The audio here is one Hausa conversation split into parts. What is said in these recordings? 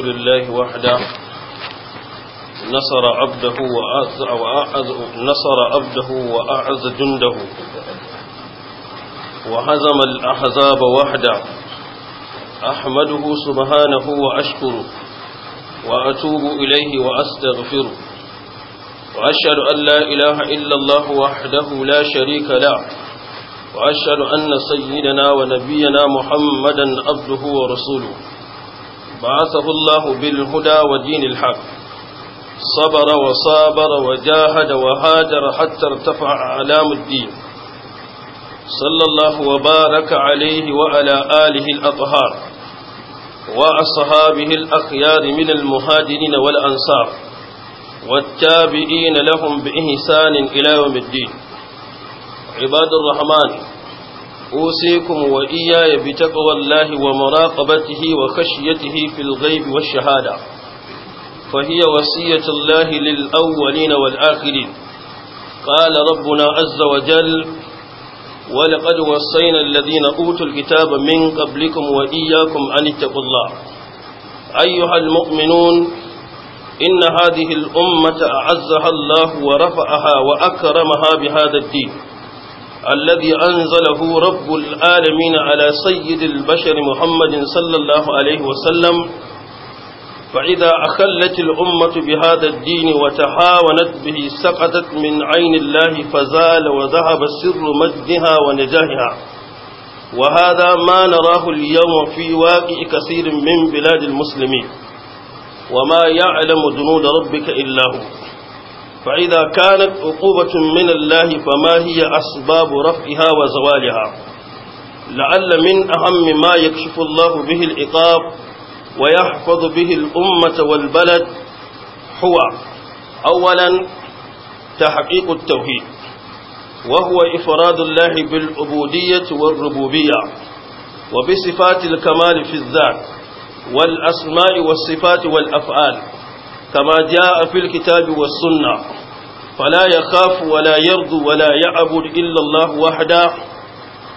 لله وحده نصر عبده وأعز وأعز نصر عبده وأعز جنده وهزم الأحزاب وحده أحمده سبحانه وأشكره وأتوب إليه وأستغفره وأشهد أن لا إله إلا الله وحده لا شريك له وأشهد أن سيدنا ونبينا محمدا عبده ورسوله بعثه الله بالهدى ودين الحق صبر وصابر وجاهد وهاجر حتى ارتفع أعلام الدين صلى الله وبارك عليه وعلى آله الأطهار وأصحابه الأخيار من المهاجرين والأنصار والتابعين لهم بإحسان إلى يوم الدين عباد الرحمن أوصيكم وإياي بتقوى الله ومراقبته وخشيته في الغيب والشهادة فهي وصية الله للأولين والآخرين قال ربنا عز وجل ولقد وصينا الذين أوتوا الكتاب من قبلكم وإياكم أن اتقوا الله أيها المؤمنون إن هذه الأمة أعزها الله ورفعها وأكرمها بهذا الدين الذي أنزله رب العالمين على سيد البشر محمد صلى الله عليه وسلم فإذا أخلت الأمة بهذا الدين وتحاونت به سقطت من عين الله فزال وذهب سر مجدها ونجاهها وهذا ما نراه اليوم في واقع كثير من بلاد المسلمين وما يعلم جنود ربك إلا هو فإذا كانت عقوبة من الله فما هي أسباب رفعها وزوالها لعل من أهم ما يكشف الله به العقاب ويحفظ به الأمة والبلد هو أولا تحقيق التوحيد وهو إفراد الله بالعبودية والربوبية وبصفات الكمال في الذات والأسماء والصفات والأفعال كما جاء في الكتاب والسنة فلا يخاف ولا يرضو ولا يعبد إلا الله وحده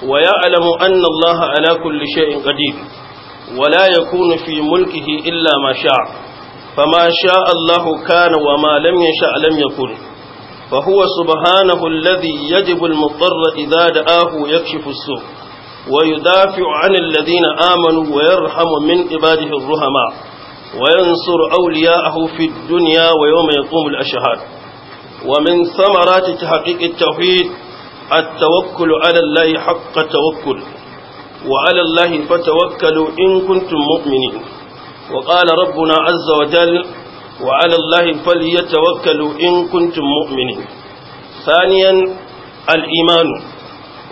ويعلم أن الله على كل شيء قدير ولا يكون في ملكه إلا ما شاء فما شاء الله كان وما لم يشاء لم يكن فهو سبحانه الذي يجب المضطر إذا دعاه يكشف السوء ويدافع عن الذين آمنوا ويرحم من عباده الرحماء وينصر أولياءه في الدنيا ويوم يقوم الأشهاد ومن ثمرات تحقيق التوحيد التوكل على الله حق التوكل وعلى الله فتوكلوا إن كنتم مؤمنين وقال ربنا عز وجل وعلى الله فليتوكلوا إن كنتم مؤمنين ثانيا الإيمان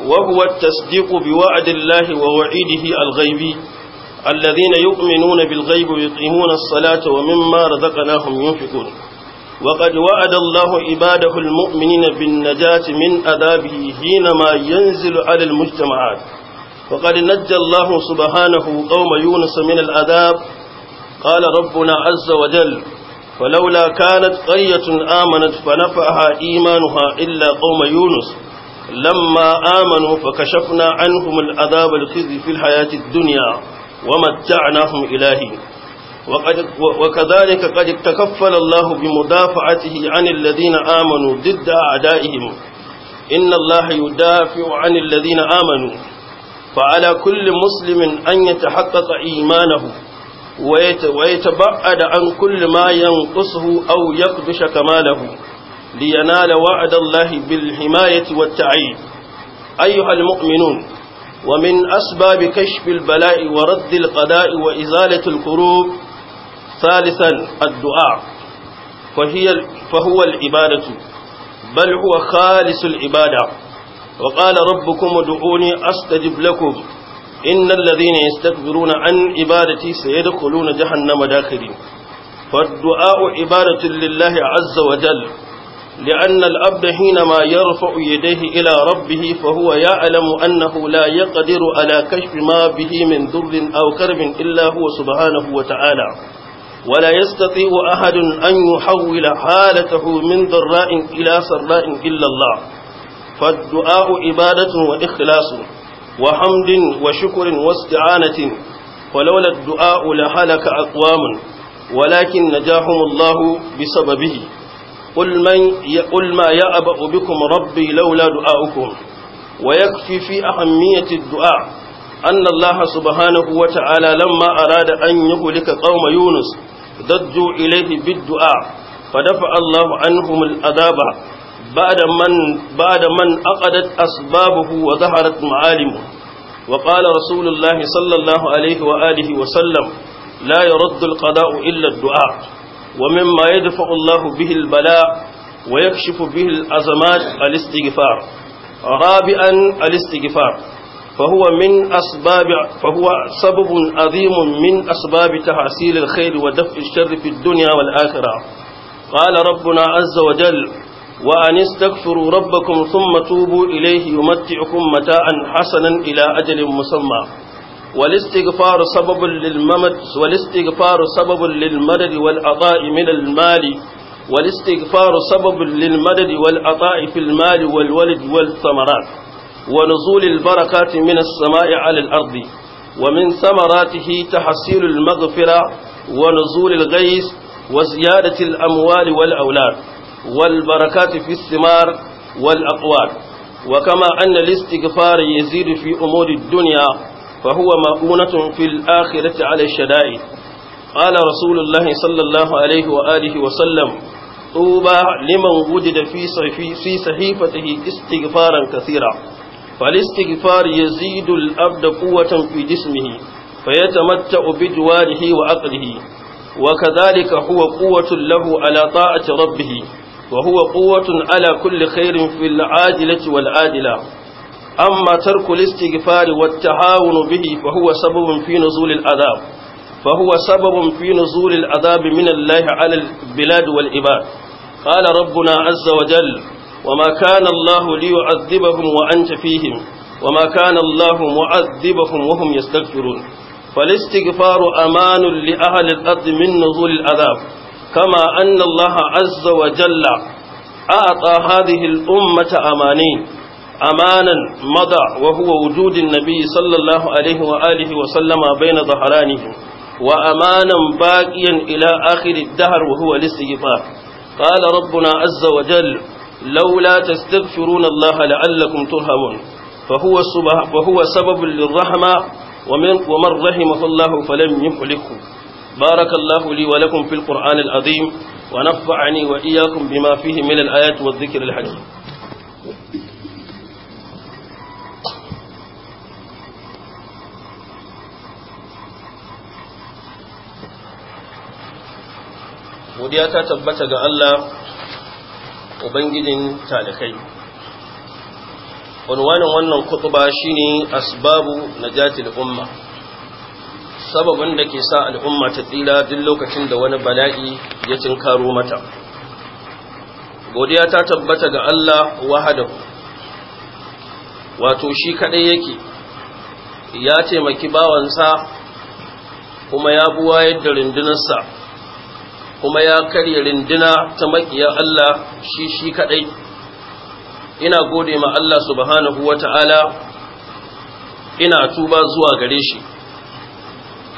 وهو التصديق بوعد الله ووعيده الغيبي الذين يؤمنون بالغيب ويقيمون الصلاة ومما رزقناهم ينفقون وقد وعد الله عباده المؤمنين بالنجاة من أذابه حينما ينزل على المجتمعات وقد نجى الله سبحانه قوم يونس من العذاب قال ربنا عز وجل فلولا كانت قرية آمنت فنفعها إيمانها إلا قوم يونس لما آمنوا فكشفنا عنهم العذاب الخزي في الحياة الدنيا ومتعناهم إلهي وقد وكذلك قد تكفل الله بمدافعته عن الذين آمنوا ضد أعدائهم إن الله يدافع عن الذين آمنوا فعلى كل مسلم أن يتحقق إيمانه ويتبعد عن كل ما ينقصه أو يقدش كماله لينال وعد الله بالحماية والتعيد أيها المؤمنون ومن أسباب كشف البلاء ورد القضاء وإزالة الكروب ثالثا الدعاء فهي فهو العبادة بل هو خالص العبادة وقال ربكم ادعوني أستجب لكم إن الذين يستكبرون عن عبادتي سيدخلون جهنم داخلين فالدعاء عبادة لله عز وجل لأن الأبد حينما يرفع يديه إلى ربه فهو يعلم أنه لا يقدر على كشف ما به من ضر أو كرب إلا هو سبحانه وتعالى ولا يستطيع أحد أن يحول حالته من ضراء إلى سراء إلا الله فالدعاء عبادة وإخلاص وحمد وشكر واستعانة ولولا الدعاء لهلك أقوام ولكن نجاهم الله بسببه قل, من ي... قل ما يأبأ بكم ربي لولا دعاؤكم ويكفي في أهمية الدعاء أن الله سبحانه وتعالى لما أراد أن يهلك قوم يونس ضجوا إليه بالدعاء فدفع الله عنهم الأذاب بعد من, بعد من أقدت أسبابه وظهرت معالمه وقال رسول الله صلى الله عليه وآله وسلم لا يرد القضاء إلا الدعاء ومما يدفع الله به البلاء ويكشف به الأزمات الاستغفار رابعا الاستغفار فهو من أسباب فهو سبب عظيم من أسباب تحصيل الخير ودفع الشر في الدنيا والآخرة قال ربنا عز وجل وأن استغفروا ربكم ثم توبوا إليه يمتعكم متاعا حسنا إلى أجل مسمى والاستغفار سبب للممد والاستغفار سبب للمدد والعطاء من المال والاستغفار سبب للمدد والعطاء في المال والولد والثمرات ونزول البركات من السماء على الأرض ومن ثمراته تحصيل المغفرة ونزول الغيث وزيادة الأموال والأولاد والبركات في الثمار والأقوال وكما أن الاستغفار يزيد في أمور الدنيا فهو مأمونة في الآخرة على الشدائد قال رسول الله صلى الله عليه وآله وسلم طوبى لمن وجد في في صحيفته استغفارا كثيرا فالاستغفار يزيد الأبد قوة في جسمه فيتمتع بجواره وعقله وكذلك هو قوة له على طاعة ربه وهو قوة على كل خير في العاجلة والعادلة أما ترك الاستغفار والتعاون به فهو سبب في نزول العذاب فهو سبب في نزول العذاب من الله على البلاد والعباد قال ربنا عز وجل وما كان الله ليعذبهم وأنت فيهم وما كان الله معذبهم وهم يستغفرون فالاستغفار أمان لأهل الأرض من نزول العذاب كما أن الله عز وجل أعطى هذه الأمة أمانين أمانا مضى وهو وجود النبي صلى الله عليه وآله وسلم بين ظهرانه وأمانا باقيا إلى آخر الدهر وهو الاستغفار قال ربنا عز وجل لولا تستغفرون الله لعلكم ترهمون فهو, فهو سبب للرحمة ومن, ومن رحمه الله فلم يهلكه بارك الله لي ولكم في القرآن العظيم ونفعني وإياكم بما فيه من الآيات والذكر الحكيم godiya ta tabbata ga Allah ubangijin talakai unwanin wannan kutuba shine asbabu najatil umma sababin da ke sa al'umma ta tsira duk lokacin da wani bala'i ya tinkaro mata godiya ta tabbata ga Allah wahadahu wato shi kadai yake ya taimaki bawansa kuma ya buwa yadda rundunarsa kuma ya karya rindina ta makiya Allah shi shi kadai ina gode ma Allah subhanahu wata'ala ina tuba zuwa gare shi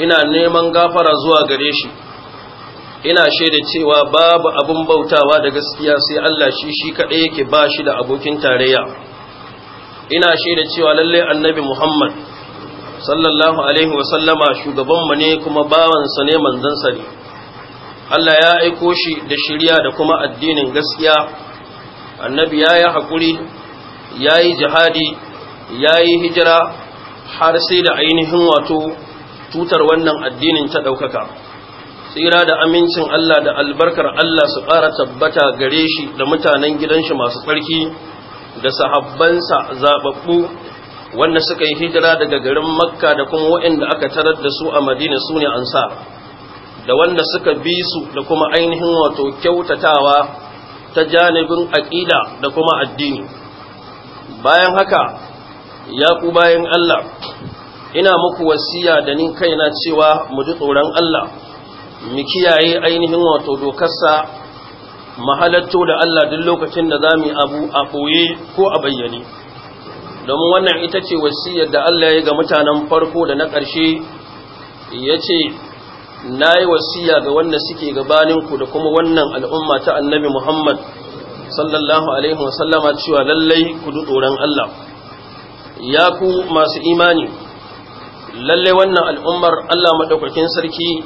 ina neman gafara zuwa gare shi ina shaida cewa babu abin bautawa da gaskiya sai Allah shi shi kadai yake ba shi da abokin tarayya ina shaida cewa lalle annabi Muhammad sallallahu alaihi wa sallama shugaban mu ne kuma bawansa ne manzansa ne Allah ya aiko shi da shirya da kuma addinin gaskiya annabi ya yi haƙuri ya yi jihadi ya yi hijira har sai da ainihin wato tutar wannan addinin ta ɗaukaka tsira da amincin Allah da albarkar Allah su ƙara tabbata gare shi da mutanen gidanshi masu tsarki da sahabbansa zaɓaɓɓu wanda suka yi hijira daga garin makka da kuma waɗanda aka tarar da su a madina su ne ansar da wanda suka bi su da kuma ainihin wato kyautatawa ta janibin aƙida da kuma addini bayan haka ya ku bayan Allah ina muku wasiya da ni kaina cewa mu ji tsoron Allah mu kiyaye ainihin wato dokarsa mahalatto da Allah duk lokacin da zamu abu a koye ko a bayyane domin wannan ita ce wasiyar da Allah ya ga mutanen farko da na ƙarshe yace na yi wasiya ga wanda suke gabaninku da kuma wannan al'umma ta annabi Muhammad sallallahu Alaihi wasallama cewa lallai ku du Allah. Ya ku masu imani, lallai wannan al'ummar Allah maɗaukakin sarki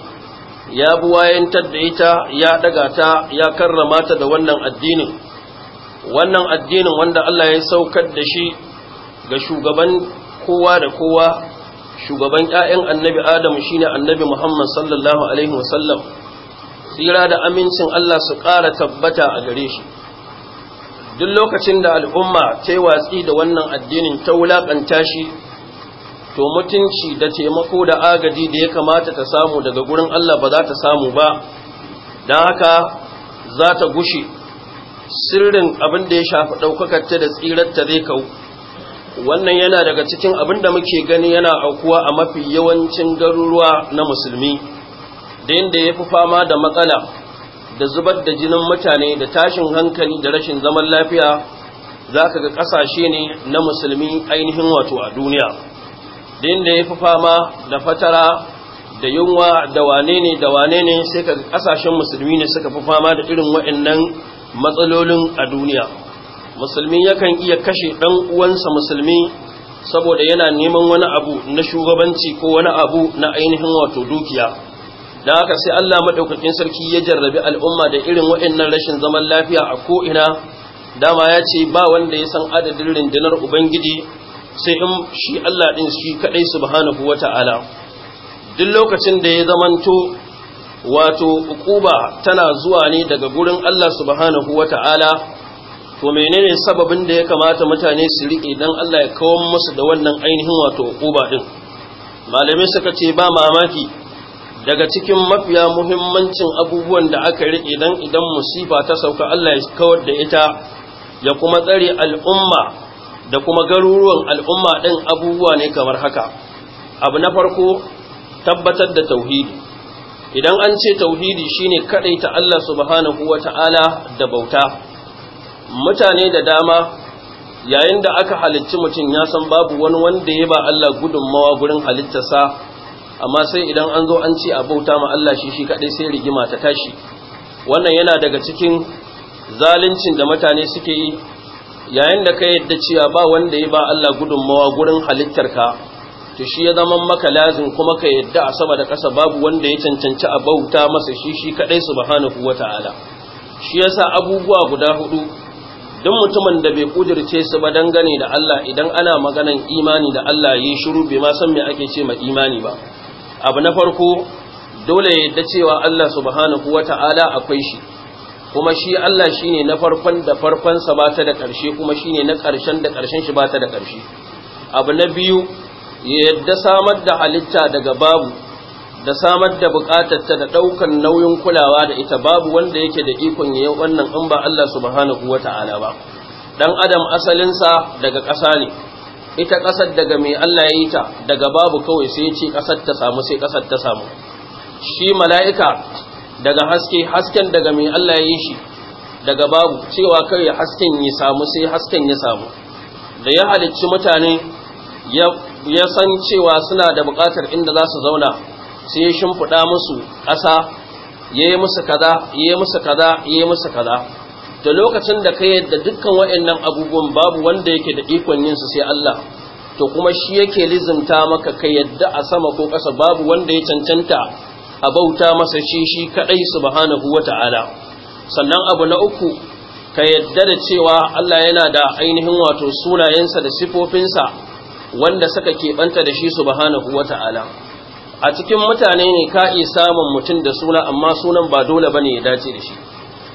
ya bi wayan da ita ya ɗaga ta ya karrama ta da wannan addinin. Wannan addinin wanda Allah ya saukar da shi ga shugaban kowa da kowa shugaban 'ya'yan annabi adam shine annabi muhammad sallallahu alaihi wasallam tsira da amincin Allah su ƙara tabbata a gare shi duk lokacin da al'umma ta yi watsi da wannan addinin ta wulaƙanta shi to mutunci da taimako da agaji da ya kamata ta samu daga gurin Allah ba za ta samu ba don haka za ta gushe sirrin abin da ya shafi ɗaukakarta da tsirarta zai kawo wannan yana daga cikin abin da muke gani yana aukuwa a mafi yawancin garuruwa na musulmi da yadda ya fi fama da matsala da zubar da jinin mutane da tashin hankali da rashin zaman lafiya za ka ga ƙasashe ne na musulmi ainihin wato a duniya da yadda ya fi fama da fatara da yunwa da wane ne da wane ne sai ka ƙasashen musulmi ne suka fi fama da irin waɗannan matsalolin a duniya musulmi yakan iya kashe ɗan uwansa musulmi saboda yana neman wani abu na shugabanci ko wani abu na ainihin wato dukiya don haka sai Allah maɗaukakin sarki ya jarrabi al'umma da irin waɗannan rashin zaman lafiya a ko'ina dama ya ce ba wanda ya san adadin rundunar ubangiji sai in shi Allah ɗin shi kaɗai subhanahu wa ta'ala duk lokacin da ya zamanto wato ukuba tana zuwa ne daga gurin Allah subhanahu wa ta'ala to menene sababin da ya kamata mutane su riƙe dan Allah ya kawo musu da wannan ainihin wato ƙuba ɗin? malamai suka ce ba mamaki daga cikin mafiya muhimmancin abubuwan da aka riƙe dan idan musifa ta sauka Allah ya kawar da ita ya kuma tsare al'umma da kuma garuruwan al'umma ɗin abubuwa ne kamar haka abu na farko tabbatar da tauhidi idan an ce tauhidi shine kaɗaita Allah subhanahu wata'ala da bauta mutane da dama yayin da aka halicci mutum ya san babu wani wanda ya ba Allah gudunmawa gurin halittarsa amma sai idan an zo an ce a bauta ma Allah shi shi kaɗai sai rigima ta tashi wannan yana daga cikin zaluncin da mutane suke yi yayin da ka yadda cewa ba wanda ya ba Allah gudunmawa gurin halittarka to shi ya zama maka lazim kuma ka yadda a sama da ƙasa babu wanda ya cancanci a bauta masa shi shi kaɗai subhanahu wata'ala shi yasa abubuwa guda hudu duk mutumin da bai kujirce su ba dangane da Allah idan ana maganan imani da Allah yi shiru bai ma san me ake ce ma imani ba abu na farko dole ya yadda cewa Allah subhanahu wata'ala akwai shi kuma shi Allah shine na farkon da farkon sa ba da ƙarshe kuma shine na ƙarshen da ƙarshen shi ba da ƙarshe abu na biyu ya yadda samar da halitta daga babu da samar da ta da ɗaukar nauyin kulawa da ita babu wanda yake da ikon yayin wannan in ba Allah subhanahu wata'ala ba dan adam asalinsa daga ƙasa ne ita ƙasar daga mai Allah ya yi ta daga babu kawai sai ce ƙasar ta samu sai ƙasar ta samu shi mala'ika daga haske hasken daga mai Allah ya yi shi daga babu cewa kawai hasken ya samu sai hasken ya samu da ya halicci mutane ya san cewa suna da buƙatar inda za su zauna sai ya shimfiɗa musu ƙasa ya yi musu kaza ya yi musu kaza ya yi musu kaza da lokacin da ka yadda dukkan waɗannan abubuwan babu wanda yake da ikon yin su sai Allah to kuma shi yake lizimta maka ka yadda a sama ko ƙasa babu wanda ya cancanta a bauta masa shi shi kaɗai subhanahu ta'ala sannan abu na uku ka yadda da cewa Allah yana da ainihin wato sunayensa da sifofinsa wanda suka keɓanta da shi subhanahu ta'ala a cikin mutane ne ka iya samun mutum da suna amma sunan ba dole ba ne ya dace da shi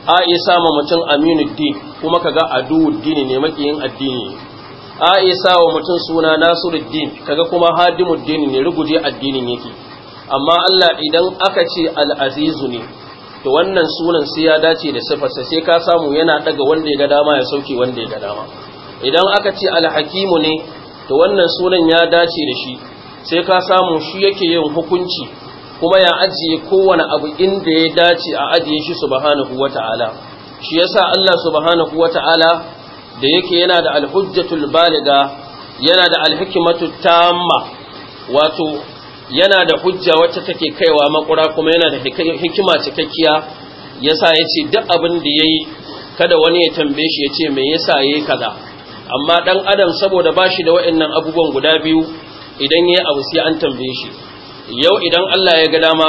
a iya samun mutum din kuma kaga dini ne makiyin addini a iya sawa mutum suna nasiruddin kaga kuma dini ne ruguje addinin yake amma Allah idan aka ce al'azizu ne to wannan sunan sai ya dace da sifarsa sai ka samu yana daga wanda ya ga dama ya sauke wanda ya ga dama idan aka ce alhakimu ne to wannan sunan ya dace da shi sai ka samu shi yake yin hukunci kuma ya ajiye kowane abu inda ya dace a ajiye shi subhanahu wata'ala shi yasa Allah subhanahu wata'ala da yake yana da alhujjatul baliga yana da alhikmatu tamma wato yana da hujja wacce take kaiwa makura kuma yana da hikima cikakkiya yasa yace duk abin da yayi kada wani ya tambaye shi yace me yasa yayi kaza amma dan adam saboda bashi da wa'annan abubuwan guda biyu idan yayi abu sai an tambaye shi yau idan Allah ya ga dama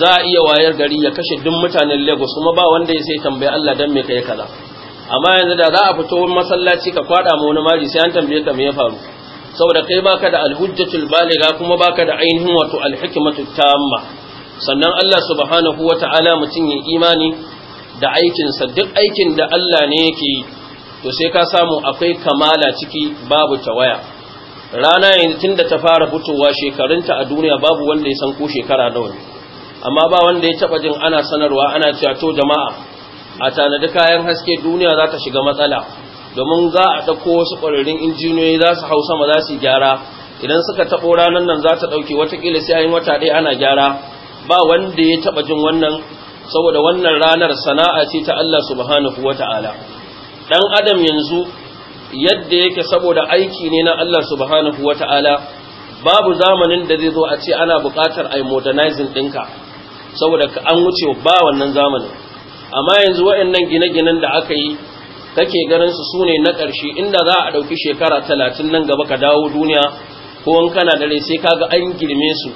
za a iya wayar gari ya kashe duk mutanen Lagos kuma ba wanda ya sai tambaye Allah dan me kai kaza amma yanzu da za a fito masallaci ka kwada mu wani mari sai an tambaye ka me ya faru saboda kai baka da alhujjatul baliga kuma baka da ainihin wato alhikmatu tamma sannan Allah subhanahu wata'ala mutum ya imani da aikinsa duk aikin da Allah ne yake to sai ka samu akwai kamala ciki babu tawaya rana yanzu tun da ta fara fitowa shekarunta a duniya babu wanda ya san ko shekara nawa ne amma ba wanda ya taba jin ana sanarwa ana cewa to jama'a a tanadi kayan haske duniya za ta shiga matsala domin za a ɗauko wasu ƙwararrun injiniyoyi za su hau sama za su gyara idan suka taɓo ranar nan za ta ɗauke watakila sai an wata ɗaya ana gyara ba wanda ya taɓa jin wannan saboda wannan ranar sana'a ce ta Allah subhanahu wa ta'ala Dan adam yanzu yadda yake saboda aiki ne na Allah subhanahu wata'ala babu zamanin da zai zo a ce ana buƙatar ai modernizing ɗinka saboda ka an wuce ba wannan zamanin amma yanzu waɗannan gine-ginen da aka yi kake ganin su sune na ƙarshe inda za a ɗauki shekara talatin nan gaba ka dawo duniya ko in kana dare sai kaga an girme su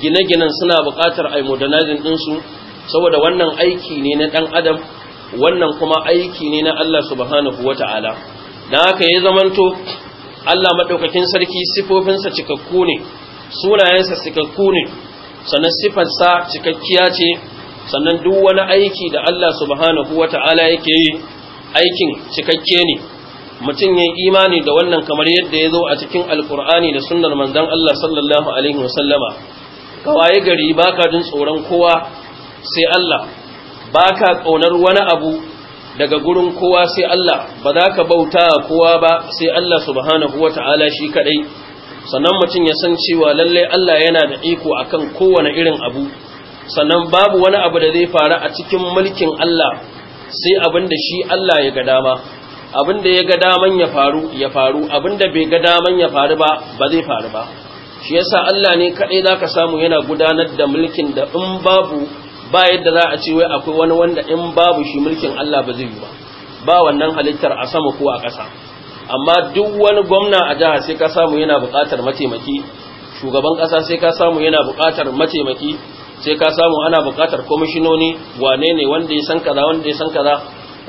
gine-ginen suna buƙatar ai modernizing ɗinsu saboda wannan aiki ne na ɗan adam wannan kuma aiki ne na Allah subhanahu wata'ala da haka ya zamanto Allah madaukakin sarki sifofinsa cikakku ne sunayensa cikakku ne sannan sifarsa cikakkiya ce sannan duk wani aiki da Allah subhanahu wata'ala yake yi aikin cikakke ne mutum yin imani da wannan kamar yadda ya zo a cikin alkur'ani da sunnar manzon Allah sallallahu alaihi wasallama waye gari baka jin tsoron kowa sai Allah baka kaunar wani abu daga gurin kowa sai Allah ba za ka bauta kowa ba sai Allah subhanahu wata'ala shi kaɗai, sannan mutum ya san cewa lallai Allah yana da iko akan kowane irin abu sannan babu wani abu da zai faru a cikin mulkin Allah sai abin da shi Allah ya ga dama abin da ya ga daman ya faru ya faru abin da bai ga daman ya faru ba ba zai faru ba shi yasa Allah ne kadai zaka samu yana gudanar da mulkin da in babu ba yadda za a ce wai akwai wani wanda in babu shi mulkin Allah ba zai yi ba ba wannan halittar a sama ko a ƙasa amma duk wani gwamna a jiha sai ka samu yana buƙatar mataimaki shugaban ƙasa sai ka samu yana buƙatar mataimaki sai ka samu ana buƙatar kwamishinoni wane ne wanda ya san kaza wanda ya san kaza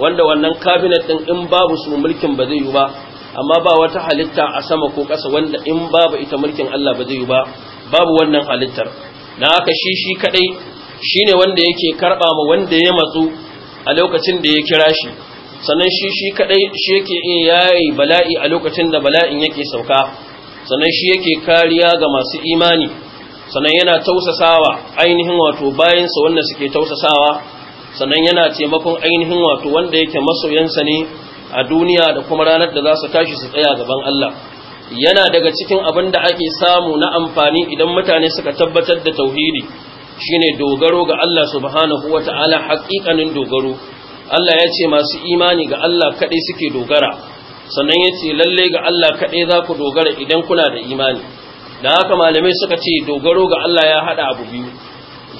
wanda wannan kabinet din in babu su mulkin ba zai yi ba amma ba wata halitta a sama ko ƙasa wanda in babu ita mulkin Allah ba zai yi ba babu wannan halittar na haka shi shi kadai Shi ne wanda yake karba ma wanda ya matsu a lokacin da ya kira shi sannan shi shi kadai shi yake iya yayi bala'i a lokacin da bala'in yake sauka sannan shi yake kariya ga masu imani sannan yana tausasawa ainihin wato bayansa wanda suke tausasawa sannan yana taimakon ainihin wato wanda yake masoyansa ne a duniya da kuma ranar da za su tashi su tsaya gaban Allah yana daga cikin abin da ake samu na amfani idan mutane suka tabbatar da tauhidi shine dogaro ga Allah subhanahu wata'ala haƙiƙanin dogaro Allah ya ce masu imani ga Allah kaɗai suke dogara sannan ya ce lalle ga Allah kaɗai za ku dogara idan kuna da imani da haka malamai suka ce dogaro ga Allah ya haɗa abu biyu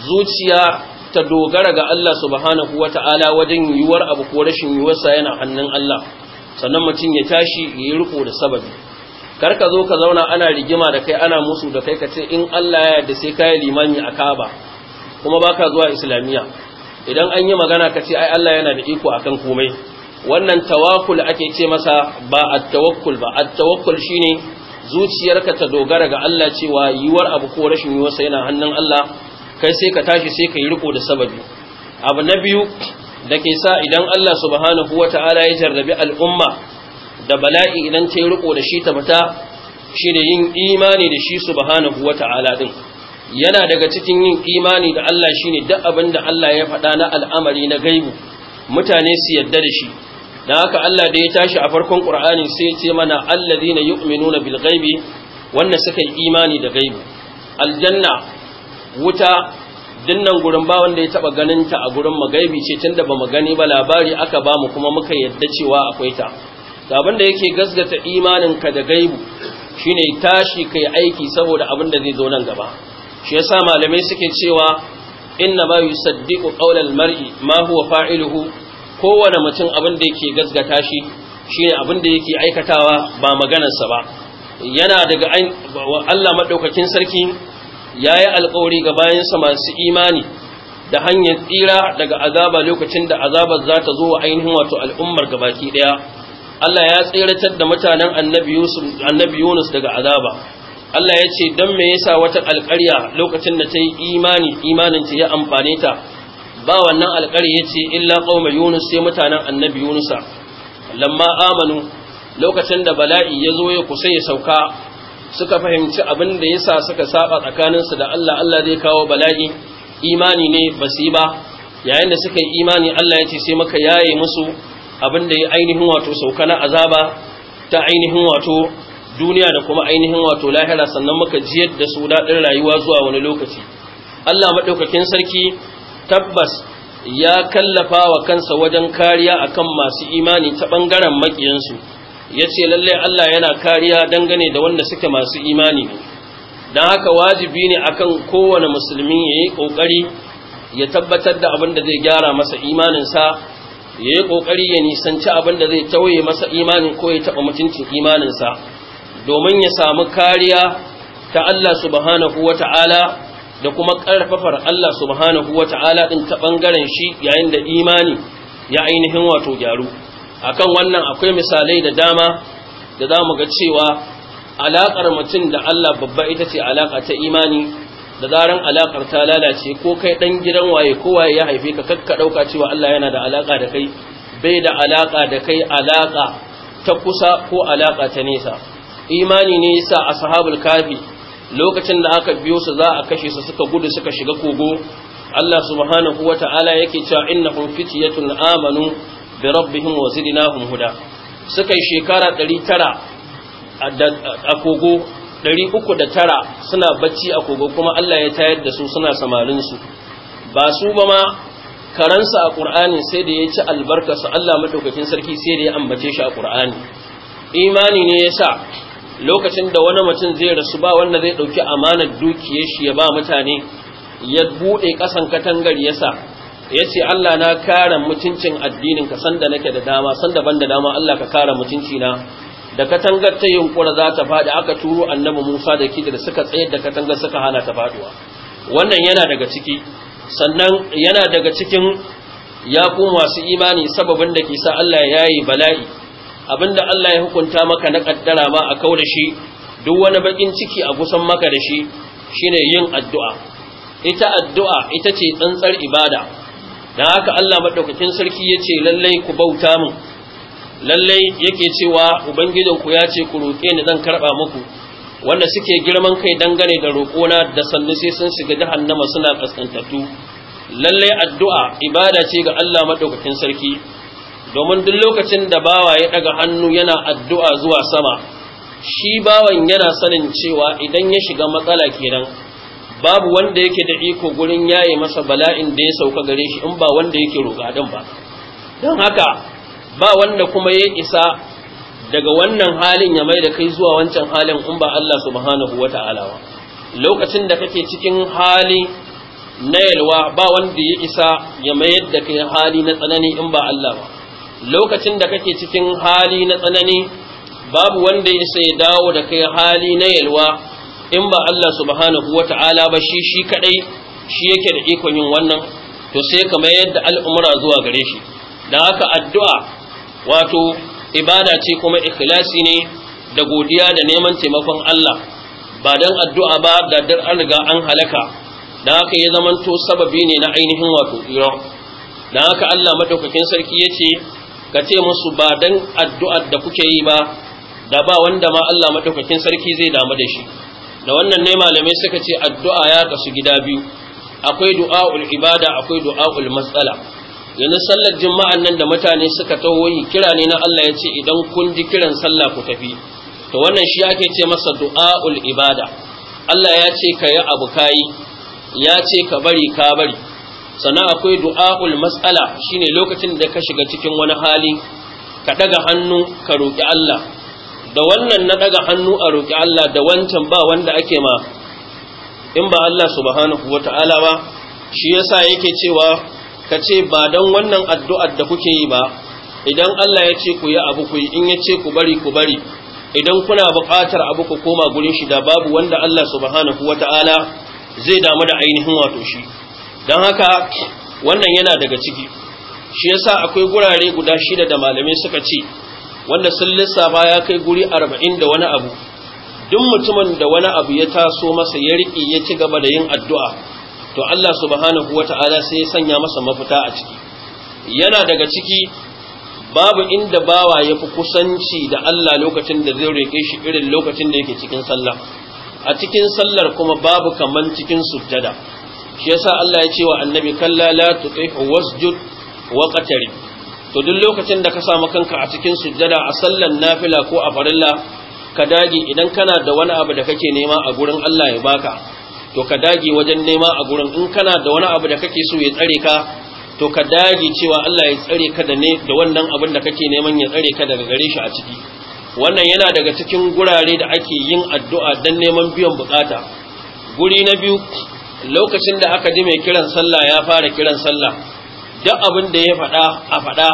zuciya ta dogara ga Allah subhanahu wata'ala wajen yiwuwar abu ko rashin yiwuwarsa yana hannun Allah sannan mutum ya tashi ya yi riko da sababi kar ka zo ka zauna ana rigima da kai ana musu da kai ka ce in Allah ya yarda sai kai limani a Kaaba kuma ba ka zuwa islamiyya idan an yi magana ka ce ai Allah yana da iko akan komai wannan tawakkul ake ce masa ba at-tawakkul ba at-tawakkul shine zuciyarka ta dogara ga Allah cewa yiwar abu ko rashin yiwar sa yana hannun Allah kai sai ka tashi sai ka yi riko da sababi abu na biyu da ke sa idan Allah subhanahu wata'ala ya jarrabi al'umma da bala'i idan ta yi riko da shi ta fita shine yin imani da shi subhanahu wata'ala din yana daga cikin yin imani da Allah shine duk abin da Allah ya faɗa na al'amari na gaibu mutane su yadda da shi dan haka Allah da ya tashi a farkon Qur'ani sai ya ce mana Allah alladhina yu'minuna bil ghaibi wannan suka yi imani da gaibu aljanna wuta dinnan gurin ba wanda ya taba ganin ta a gurin magaibi ce tunda ba mu gani ba labari aka ba mu kuma muka yadda cewa akwai ta abin da yake gasgata imaninka da gaibu shine tashi kai aiki saboda abin da zai zo nan gaba shi yasa malamai suke cewa inna ma yusaddiqu al mar'i ma huwa fa'iluhu kowane mutum abin da yake gazgata shi shine abin da yake aikatawa ba maganarsa ba yana daga Allah madaukakin sarki yayi alƙawari ga bayansa masu imani da hanyar tsira daga azaba lokacin da azabar za ta zo wa ainihin wato al'ummar gabaki daya Allah ya tsiratar da mutanen annabi Yunus daga azaba Allah ya ce don me yasa wata alƙarya lokacin da ta yi imani imanin ta ya amfane ta ba wannan alƙarya ya ce illa ƙauma yunus sai mutanen annabi yunusa lamma amanu lokacin da bala'i ya zo ya kusa ya sauka suka fahimci abin da yasa suka saba tsakaninsu da Allah Allah zai kawo bala'i imani ne ba ba yayin da suka yi imani Allah ya ce sai maka yaye musu abin da ya ainihin wato sauka na azaba ta ainihin wato duniya da kuma ainihin wato lahira sannan muka jiyar da su daɗin rayuwa zuwa wani lokaci Allah maɗaukakin sarki tabbas ya kallafa wa kansa wajen kariya a kan masu imani ta ɓangaren maƙiyansu ya ce lallai Allah yana kariya dangane da wanda suke masu imani don haka wajibi ne akan kowane musulmi ya yi ƙoƙari ya tabbatar da abin da zai gyara masa imaninsa ya yi ƙoƙari ya nisanci abin da zai tauye masa imanin ko ya taɓa mutuncin imaninsa domin ya samu kariya ta Allah subhanahu wata'ala da kuma ƙarfafar Allah subhanahu ta'ala ɗin ta ɓangaren shi yayin da imani ya ainihin wato gyaru akan wannan akwai misalai da dama da za mu ga cewa alaƙar mutum da Allah babba ita ce alaƙa ta imani da zaran alaƙar ta lalace ko kai ɗan gidan waye ko waye ya haife ka kakka ɗauka cewa Allah yana da alaƙa da kai bai da alaƙa da kai alaƙa ta kusa ko alaƙa ta nesa imani ne yasa ashabul kafi lokacin da aka biyo su za a kashe su suka gudu suka shiga kogo Allah subhanahu wata'ala yake cewa innahum fityatun amanu bi rabbihim wa zidnahum huda suka yi shekara 900 a kogo 309 suna bacci a kogo kuma Allah ya tayar da su suna samarin su ba su ba ma karansa a Qur'ani sai da ya ci su Allah madaukakin sarki sai da ya ambace shi a Qur'ani imani ne yasa lokacin da wani mutum zai rasu ba wanda zai ɗauki amanar dukiyar shi ya ba mutane ya buɗe kasan katangar yasa, sa ya ce Allah na kare mutuncin addinin ka sanda nake da dama sanda ban da dama Allah ka kare mutunci na da katangar ta yunkura za ta faɗi aka turo annabi Musa da Kidir suka tsayar da katangar suka hana ta faɗuwa wannan yana daga ciki sannan yana daga cikin ya kuma masu imani sababin da ke sa Allah ya yi bala'i Abin da Allah ya hukunta maka na ƙaddara ma a kau da shi duk wani bakin ciki a kusan maka da shi shine yin addu'a ita addu'a ita ce tsantsar ibada dan haka Allah madaukakin sarki yace lallai ku bauta min lallai yake cewa ubangijinku ya ce ku roƙe ni zan karɓa muku wanda suke girman kai dangane da roƙona da sannu sai sun shiga jahannama suna kaskantattu lallai addu'a ibada ce ga Allah madaukakin sarki domin duk lokacin da bawa ya daga hannu yana addu'a zuwa sama shi bawan yana sanin cewa idan ya shiga matsala kenan babu wanda yake da iko gurin yaye masa bala'in da ya sauka gare shi in ba wanda yake roƙa ɗin ba don haka ba wanda kuma ya isa daga wannan halin ya mai da kai zuwa wancan halin in ba Allah subhanahu ta'ala ba lokacin da kake cikin hali na yalwa ba wanda ya isa ya mayar da kai hali na tsanani in ba Allah ba lokacin da kake cikin hali na tsanani babu wanda ya sai dawo da kai hali na yalwa in ba Allah subhanahu wa Ta'ala ba shi shi kadai shi yake da ikon yin wannan to sai kamar yadda al'umura zuwa gare shi da haka addu'a wato ibada ce kuma ikhlasi ne da godiya da neman taimakon Allah ba dan addu'a ba da dar an riga an halaka da haka ya zamanto sababi ne na ainihin wato tsira da haka Allah madaukakin sarki yace ka ce musu ba dan addu'ar da kuke yi ba da ba wanda ma Allah madaukakin sarki zai damu da shi da wannan ne malamai suka ce addu'a ya kasu gida biyu akwai du'a'ul ibada akwai du'a'ul matsala yanzu sallar juma'an nan da mutane suka taho yi kira ne na Allah ya ce idan kun ji kiran sallah ku tafi to wannan shi ake ce masa du'a'ul ibada Allah ya ce ka yi abu kayi ya ce ka bari ka bari sannan akwai du'a'ul mas'ala shine lokacin da ka shiga cikin wani hali ka daga hannu ka roƙi Allah da wannan na daga hannu a roƙi Allah da wancan ba wanda ake ma in ba Allah subhanahu wata'ala ba shi yasa yake cewa ka ce ba dan wannan addu'ar da kuke yi ba idan Allah ya ce ku yi abu ku yi in ya ce ku bari ku bari idan kuna buƙatar abu ku koma gurin shi da babu wanda Allah subhanahu wata'ala zai damu da ainihin wato shi don haka wannan yana daga ciki shi yasa akwai gurare guda shida da malamai suka ce wanda sun lissafa ya kai guri arba'in da wani abu duk mutumin da wani abu ya taso masa ya riƙe ya ci gaba da yin addu'a to Allah subhanahu wata'ala sai ya sanya masa mafita a ciki yana daga ciki babu inda bawa ya fi kusanci da Allah lokacin da zai roƙe shi irin lokacin da yake cikin sallah a cikin sallar kuma babu kaman cikin sujjada shi yasa Allah ya ce wa annabi kalla la tuti'hu wasjud qatari to duk lokacin da ka samu kanka a cikin sujjada a sallan nafila ko a farilla ka dage idan kana da wani abu da kake nema a gurin Allah ya baka to ka dage wajen nema a gurin in kana da wani abu da kake so ya tsare ka to ka dage cewa Allah ya tsare ka da ne da wannan abin da kake neman ya tsare ka daga gare shi a ciki wannan yana daga cikin gurare da ake yin addu'a dan neman biyan bukata guri na biyu lokacin da aka ji mai kiran sallah ya fara kiran sallah duk abin da ya faɗa a faɗa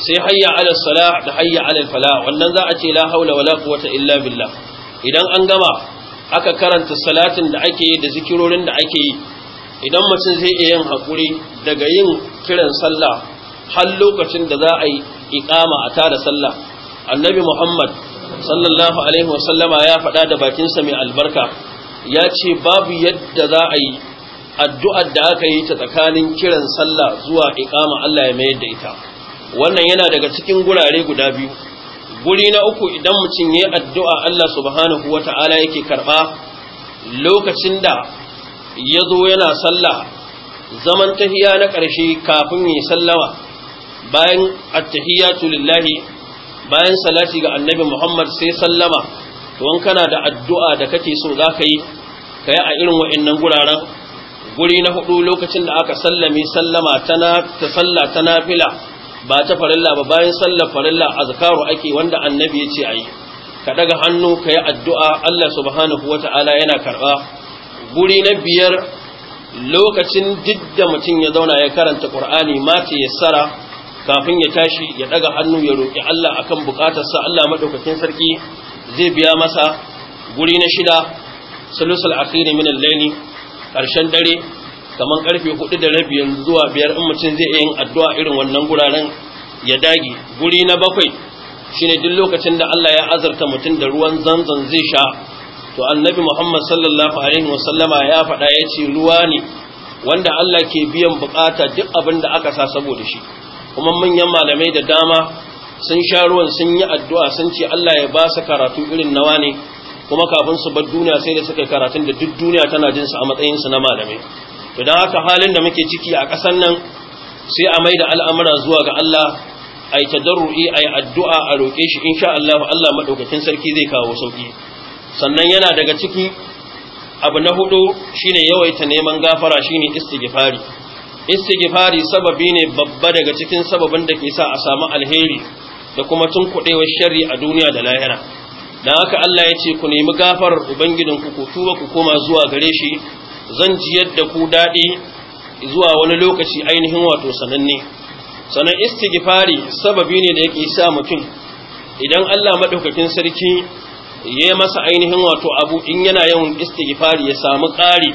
sai hayya ala salah da hayya ala fala wannan za a ce la haula wala quwwata illa billah idan an gama aka karanta salatin da ake yi da zikirorin da ake yi idan mutum zai iya yin hakuri daga yin kiran sallah har lokacin da za a yi iqama a tara sallah annabi muhammad sallallahu alaihi sallama ya faɗa da bakinsa mai albarka ya ce babu yadda za a yi addu'ar da aka yi ta tsakanin kiran sallah zuwa ikama Allah ya mayar da ita wannan yana daga cikin gurare guda biyu guri na uku idan mutum ya addu'a Allah subhanahu wa ta'ala yake karɓa lokacin da ya zo yana sallah zaman tahiya na ƙarshe kafin yi sallama, bayan attahiyatu lillahi bayan salati ga annabi Muhammad sai sallama to kana da addu'a da kake so za ka yi ka yi a irin wa'annan guraren guri na hudu lokacin da aka sallame sallama ta salla ta nafila ba ta farilla ba bayan sallar farilla zakaru ake wanda annabi ya ce a yi ka daga hannu ka yi addu'a Allah subhanahu wa ta'ala yana karɓa guri na biyar lokacin da mutum ya zauna ya karanta ƙur'ani mata ya sara kafin ya tashi ya daga hannu ya roƙi Allah akan buƙatarsa Allah maɗaukakin sarki zai biya masa guri na shida sulusul akhiri min al-layli karshen dare kamar karfe 4 da rabi zuwa biyar in mutum zai yin addu'a irin wannan guraren ya dage guri na bakwai shine duk lokacin da Allah ya azarta mutum da ruwan zanzan zai sha to annabi Muhammad sallallahu alaihi wasallama ya faɗa yace ruwa ne wanda Allah ke biyan bukata duk abin da aka sa saboda shi kuma manyan malamai da dama sun sha ruwan sun yi addu'a sun ce Allah ya ba su karatu irin nawa ne kuma kafin su bar duniya sai da suka karatun da duk duniya tana jin su a matsayin su na malamai to dan haka halin da muke ciki a ƙasar nan sai a da al'amura zuwa ga Allah ai tadarru'i yi addu'a a roƙe shi insha Allah Allah madaukakin sarki zai kawo sauki sannan yana daga ciki abu na hudu shine yawaita neman gafara shine istighfari istighfari sababi ne babba daga cikin sababin da ke sa a samu alheri da kuma tun kuɗewar shari a duniya da lahira Da haka Allah ya ce ku nemi gafarar ubangidinku ku tuba ku koma zuwa gare shi zan ji da ku daɗi zuwa wani lokaci ainihin wato sananne sanan istighfari sababi ne da yake sa mutum idan Allah madaukakin sarki ya yi masa ainihin wato abu in yana yawan istighfari ya samu ƙari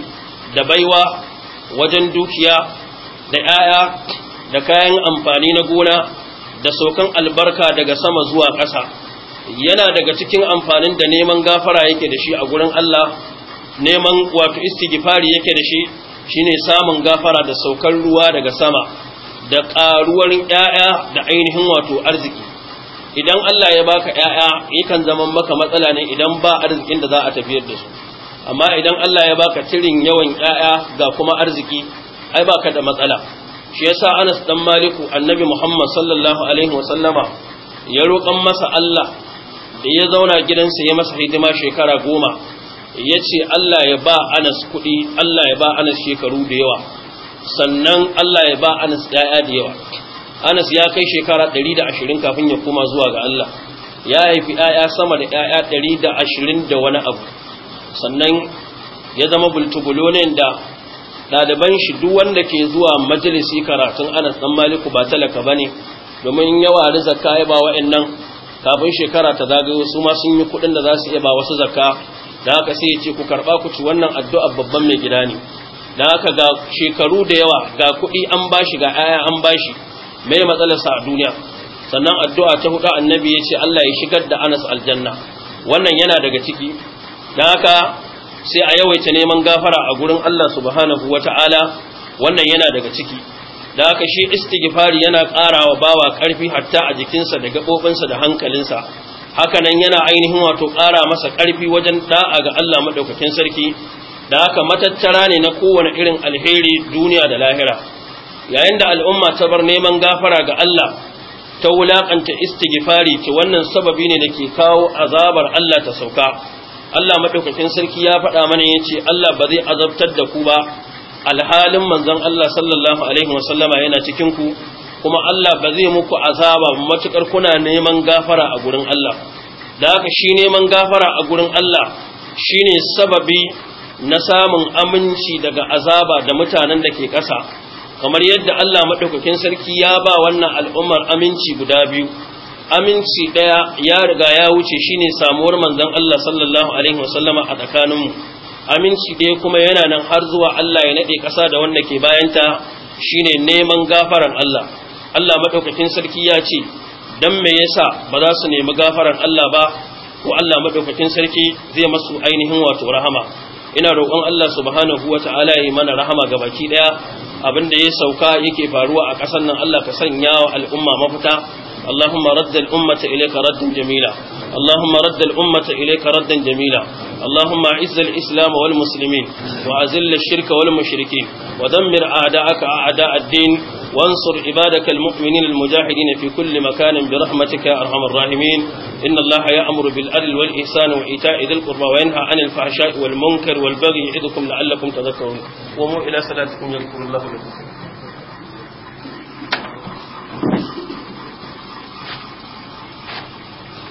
da baiwa wajen dukiya da 'ya'ya da kayan amfani na gona da saukan albarka daga sama zuwa ƙasa yana daga cikin amfanin da neman gafara yake da shi a gurin Allah neman wato istighfari yake da shi shine samun gafara da saukan ruwa daga sama da ƙaruwar ƴaƴa da ainihin wato arziki idan Allah ya baka ƴaƴa yakan zaman maka matsala ne idan ba arzikin da za a tafiyar da su amma idan Allah ya baka tirin yawan ƴaƴa ga kuma arziki ai baka da matsala shi yasa Anas dan Maliku Annabi Muhammad sallallahu alaihi wasallama ya roƙan masa Allah da ya zauna gidansa ya masa hidima shekara goma ya ce Allah ya ba Anas kuɗi Allah ya ba Anas shekaru da yawa sannan Allah ya ba Anas ɗaya da yawa Anas ya kai shekara ɗari da 120 kafin ya koma zuwa ga Allah ya haifi ‘ya'ya sama da ‘ya'ya ɗari da ashirin da wani abu sannan ya zama bultubulonin da ɗaliban shi duk wanda ke zuwa majalisi karatun anas dan maliku ba talaka ba ne domin yawa da zakka ya ba wa'annan kafin shekara ta zagayo su ma sun yi kuɗin da za su iya ba wasu zakka da haka sai ya ce ku karɓa ku ci wannan addu'a babban mai gida ne da haka ga shekaru da yawa ga kuɗi an bashi ga 'ya'ya an bashi mai matsalarsa a duniya sannan addu'a ta hudu annabi ya ce Allah ya shigar da anas aljanna wannan yana daga ciki da haka sai a yawaita neman gafara a gurin Allah subhanahu wata'ala wannan yana daga ciki da haka shi istighfari yana ƙarawa bawa ƙarfi hatta a jikinsa da gaɓoɓinsa da hankalinsa hakanan yana ainihin wato ƙara masa ƙarfi wajen da'a ga Allah maɗaukakin sarki da haka matattara ne na kowane irin alheri duniya da lahira yayin da al'umma ta bar neman gafara ga Allah ta wulaƙanta istighfari ta wannan sababi ne da ke kawo azabar Allah ta sauka Allah madaukakin sarki ya faɗa mana ya ce Allah ba zai azabtar da ku ba alhalin manzon Allah sallallahu alaihi sallama yana cikin ku kuma Allah ba zai muku azaba matukar kuna neman gafara a gurin Allah da haka shi neman gafara a gurin Allah shine sababi na samun aminci daga azaba da mutanen da ke ƙasa kamar yadda Allah madaukakin sarki ya ba wannan al'ummar aminci guda biyu aminci ɗaya ya riga ya wuce shine samuwar manzon Allah sallallahu alaihi wasallama a tsakaninmu aminci ɗaya kuma yana nan har zuwa Allah ya naɗe ƙasa da wanda ke bayanta shine neman gafaran Allah Allah madaukakin sarki ya ce dan me yasa ba za su nemi gafaran Allah ba ko Allah madaukakin sarki zai masu ainihin wato rahama ina roƙon Allah subhanahu wa ta'ala ya mana rahama ga baki Abin da ya sauka yake faruwa a ƙasar nan Allah ka sanya wa al'umma mafita اللهم رد الأمة إليك ردا جميلا اللهم رد الأمة إليك ردا جميلا اللهم أعز الإسلام والمسلمين وأذل الشرك والمشركين ودمر أعداءك أعداء الدين وانصر عبادك المؤمنين المجاهدين في كل مكان برحمتك يا أرحم الراحمين إن الله يأمر بالعدل والإحسان وإيتاء ذي القربى وينهى عن الفحشاء والمنكر والبغي يعظكم لعلكم تذكرون وموا إلى صلاتكم يذكر الله لكم